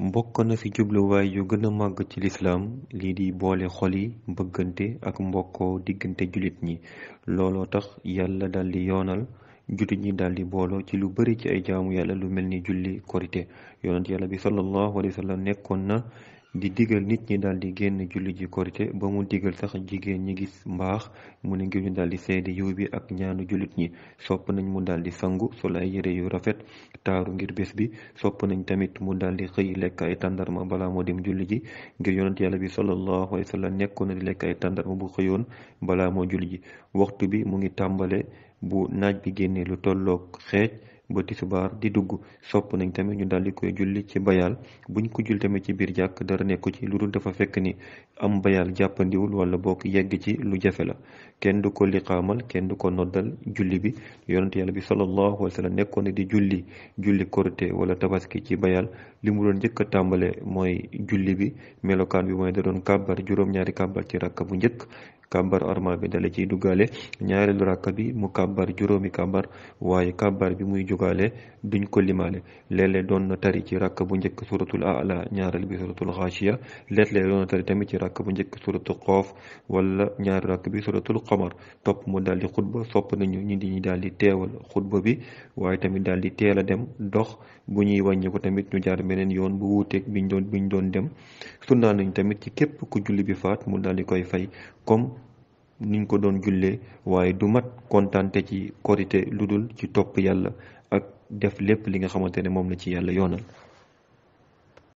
mbokk na fi jubluwaay yu gën a màgg ci lislaam lii di boole xoli yi bëggante ak mbokkoo diggante jullit ñi looloo tax yàlla daldi yoonal jullit ñi daldi booloo ci lu bari ci ay jaamu yàlla lu mel ni julli korite yonent yàlla bi sallallahu alayhi wa nekkoon na di digal nit ñi daal di génn julli ji korite ba mu digal sax jigéen ñi gis mbaax mu ne ngir ñu daal di seede yiw bi ak ñaanu jullit ñi sopp nañ mu daal di sangu sol ay yére yu rafet taaru ngir bés bi sopp nañ tamit mu daal di xëy lekk ay tàndarma balaa moo dem julli ji ngir yonent yàlla bi sallallahu alayhi wa sallam nekkoon na di lekk ay tàndarma bu xëyoon balaa moo julli ji waxtu bi mu ngi tàmbale bu naaj bi génnee lu tolloog xeej ba tisbaar di dugg sopp nañ tamit ñu daldi koy julli ci bayaal buñ ko jul tamit ci biir jàkk dara nekku ci lu dul dafa fekk ni am bayaal jàppandiwul wala bokk yegg ci lu jafe la kenn du ko liqaamal kenn du ko noddal julli bi yonent yàlla bi sallallahu alayhi wa sallam nekkoon na di julli julli korite wala tabaski ci bayaal li mu doon njëkk a tàmbale mooy julli bi melokaan bi mooy da doon kàbbar juróom-ñaari kàbbar ci rakk bu njëkk kàbbar armal bi dala ciy duggaale ñaareelu ràkka bi mu kàbbar juróomi kàbbar waaye kàbbar bi muy jugaale duñ ko limaale léeg-léeg doon na tari ci ràkka bu njëkk suratul ala ñaareel bi suratul xaashiya léeg-léeg doon na tari tamit ci ràkka bu njëkk suratul xoof wala ñaari ràkk bi suratul xamar topp mu daal di xutba sopp nañu ñi di ñi daal di teewal xutba bi waaye tamit daal di teel a dem dox bu ñuy wàññi ko tamit ñu jaar beneen yoon bu wuuteeg biñ doon biñ doon dem sunnaa nañ tamit ci képp ku julli bi faat mu daal di koy fay niñ ko doon jullee waaye du mat kontaante ci korite lu dul ci topp yàlla ak def lépp li nga xamante ne moom la ci yàlla yoonal